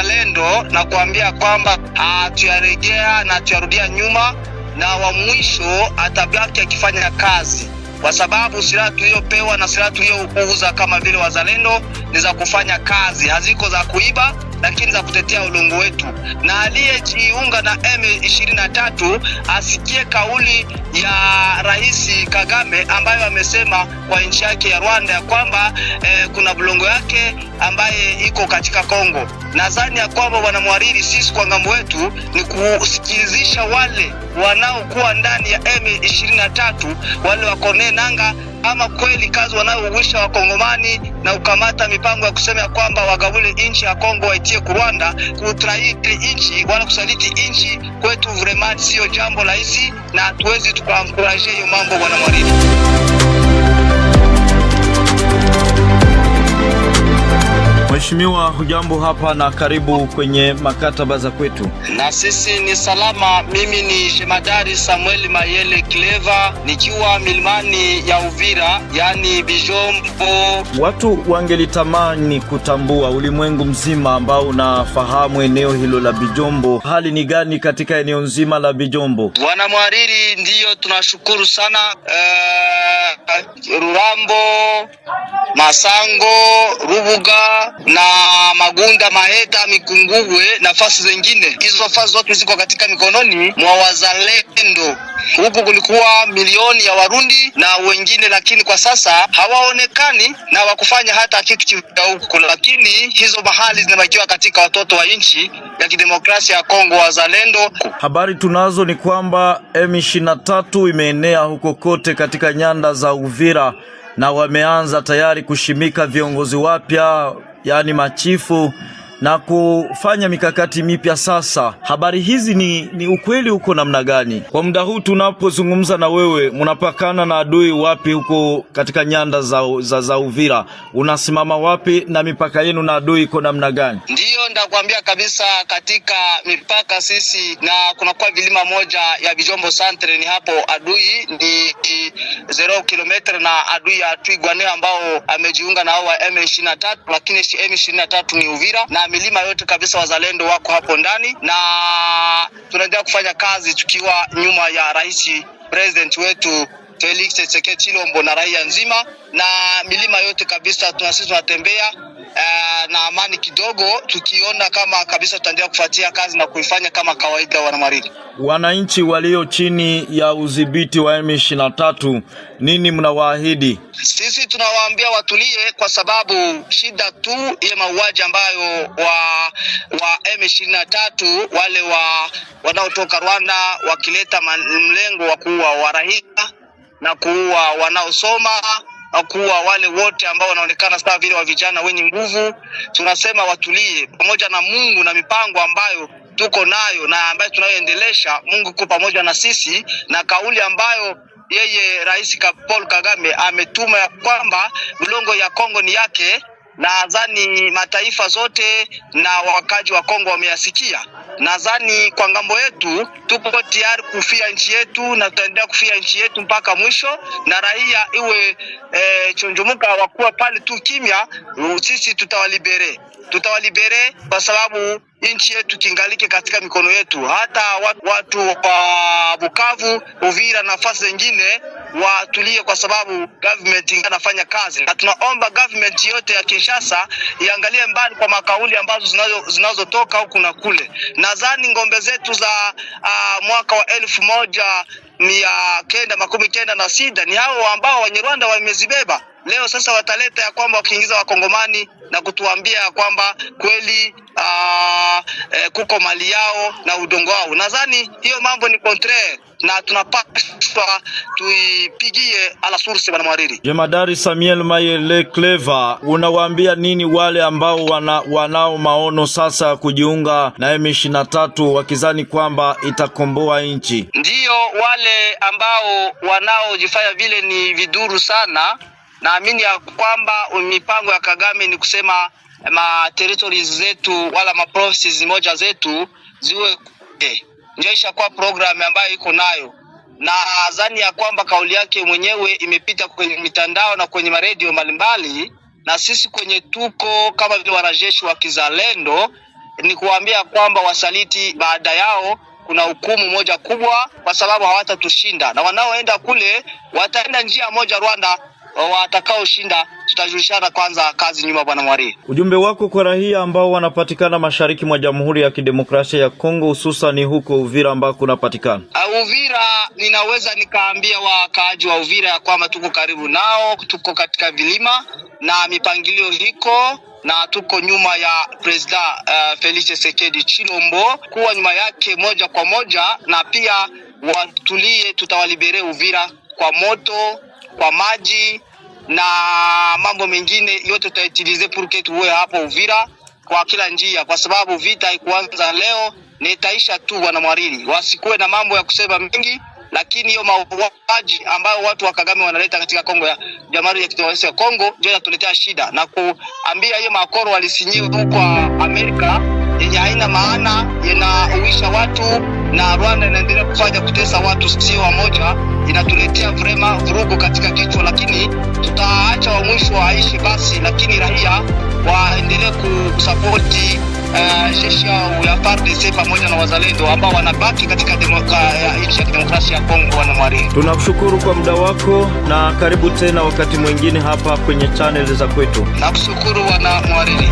uzalendo na kuambia kwamba ah, tuyarejea na tuyarudia nyuma, na wa mwisho atabaki akifanya kazi, kwa sababu silaha tuliyopewa na silaha tuliyouza kama vile wazalendo ni za kufanya kazi, haziko za kuiba lakini za kutetea ulungu wetu, na aliyejiunga na M23 asikie kauli ya Rais Kagame ambayo amesema kwa nchi yake ya Rwanda ya kwamba eh, kuna bulongo yake ambaye iko katika Kongo. Nadhani ya kwamba wanamwariri sisi kwa ngambo wetu ni kusikilizisha wale wanaokuwa ndani ya M23 wale wakonee nanga kama kweli kazi wanayowisha wakongomani na ukamata mipango ya kusema kwamba wagabule nchi ya Kongo waitie kurwanda kutraiti nchi wala kusaliti nchi kwetu, vraiment siyo jambo rahisi, na hatuwezi tukaankurajia hiyo mambo, bwana Mwaridi. Mheshimiwa, hujambo hapa na karibu kwenye makataba za kwetu. Na sisi ni salama. Mimi ni Shemadari Samuel Mayele kleva nikiwa milimani ya Uvira, yani Bijombo. Watu wangelitamani kutambua ulimwengu mzima ambao unafahamu eneo hilo la Bijombo, hali ni gani katika eneo nzima la Bijombo? Bwana mhariri, ndiyo tunashukuru sana uh... Rurambo, Masango, Rubuga na Magunda, Maheta, Mikungugwe, na fasi zengine. Hizo fasi zote ziko katika mikononi mwa wazalendo. Huku kulikuwa milioni ya Warundi na wengine, lakini kwa sasa hawaonekani na wakufanya hata kitu cha huku, lakini hizo mahali zinabakiwa katika watoto wa nchi ya kidemokrasia ya Kongo wazalendo. Habari tunazo ni kwamba M23 imeenea huko kote katika nyanda za Uvira na wameanza tayari kushimika viongozi wapya, yaani machifu na kufanya mikakati mipya sasa. Habari hizi ni, ni ukweli uko namna gani? Kwa muda huu tunapozungumza na wewe, mnapakana na adui wapi huko katika nyanda za, za, za Uvira? Unasimama wapi na mipaka yenu na adui iko namna gani? Ndiyo, ndakwambia kabisa katika mipaka sisi na kunakuwa vilima moja ya vijombo Santre, ni hapo adui ni zero kilometre na adui ya Twigwane ambao amejiunga na hao wa M23, lakini M23 ni Uvira na milima yote kabisa, wazalendo wako hapo ndani na tunaendelea kufanya kazi tukiwa nyuma ya rais president wetu Felix Tshisekedi Chilombo na raia nzima na milima yote kabisa, tunasisi tunatembea uh, na amani kidogo, tukiona kama kabisa tutaendelea kufuatia kazi na kuifanya kama kawaida. Wanamaridi, wananchi walio chini ya udhibiti wa M23, nini mnawaahidi? Sisi tunawaambia watulie, kwa sababu shida tu ya mauaji ambayo wa wa M23 wale wa wanaotoka Rwanda wakileta mlengo wa kuua warahika na kuua wanaosoma kuwa wale wote ambao wanaonekana sawa vile wa vijana wenye nguvu, tunasema watulie pamoja na Mungu na mipango ambayo tuko nayo na ambayo tunayoendelesha. Mungu ku pamoja na sisi na kauli ambayo yeye Rais Paul Kagame ametuma ya kwamba mlongo ya Kongo ni yake, na nadhani mataifa zote na wakaji wa Kongo wameyasikia. Nadhani kwa ngambo yetu tupo tayari kufia nchi yetu na tutaendelea kufia nchi yetu mpaka mwisho, na raia iwe e, eh, chonjomuka wakuwa pale tu kimya. Sisi tutawalibere, tutawalibere kwa sababu nchi yetu kingalike katika mikono yetu. Hata watu wa Bukavu, Uvira, nafasi zengine watulie, kwa sababu government inafanya kazi, na tunaomba government yote ya Kinshasa iangalie mbali kwa makauli ambazo zinazotoka huku na kule. Nadhani ng'ombe zetu za uh, mwaka wa elfu moja mia kenda makumi kenda na sida ni hao ambao wenye rwanda wamezibeba leo. Sasa wataleta ya kwamba wakiingiza wakongomani na kutuambia ya kwamba kweli aa, ah, e, eh, kuko mali yao na udongo wao. Nadhani hiyo mambo ni contraire na tunapaswa tuipigie ala source bwana mwariri. Jemadari Samuel Mayele Clever, unawaambia nini wale ambao wana, wanao maono sasa kujiunga na M23 wakizani kwamba itakomboa nchi? Ndiyo wale wale ambao wanaojifanya vile ni viduru sana. Naamini ya kwamba mipango ya Kagame ni kusema ma territories zetu wala ma provinces moja zetu ziwe eh, ndio ishakuwa program ambayo iko nayo, na azani ya kwamba kauli yake mwenyewe imepita kwenye mitandao na kwenye maredio mbalimbali, na sisi kwenye tuko kama vile wanajeshi wa kizalendo ni kuwaambia kwamba wasaliti baada yao kuna hukumu moja kubwa, kwa sababu hawatatushinda na wanaoenda kule wataenda njia moja Rwanda watakaoshinda tutajulishana kwanza kazi nyuma. Bwana Mwari, ujumbe wako kwa raia ambao wanapatikana mashariki mwa Jamhuri ya Kidemokrasia ya Kongo, ni huko Uvira ambako kunapatikana Uh, ah, Uvira ninaweza nikaambia wakaaji wa Uvira ya kwamba tuko karibu nao, tuko katika vilima na mipangilio hiko na tuko nyuma ya President uh, Felix Tshisekedi Chilombo, kuwa nyuma yake moja kwa moja, na pia watulie, tutawalibere Uvira kwa moto, kwa maji na mambo mengine yote tutaitilize purke tuwe hapo Uvira kwa kila njia, kwa sababu vita haikuanza leo na itaisha tu. Bwana Mwariri, wasikuwe na mambo ya kusema mengi, lakini hiyo mauaji ambayo watu wa Kagame wanaleta katika Kongo ya Jamhuri ya Kidemokrasia ya Kongo ndio inatuletea shida na kuambia hiyo makoro walisinyiwa huko Amerika yenye haina maana, inauisha watu na Rwanda inaendelea kufanya kutesa watu, sio wamoja, inatuletea vrema vurugu katika kichwa, lakini tutaacha wa mwisho waishi basi, lakini raia waendelee kusapoti eh, uh, ya FARDC pamoja na wazalendo ambao wanabaki katika eh, nchi ya kidemokrasia ya Kongo. Mwari, tunakushukuru kwa muda wako na karibu tena wakati mwingine hapa kwenye chaneli za kwetu. Nakushukuru wana Mwari.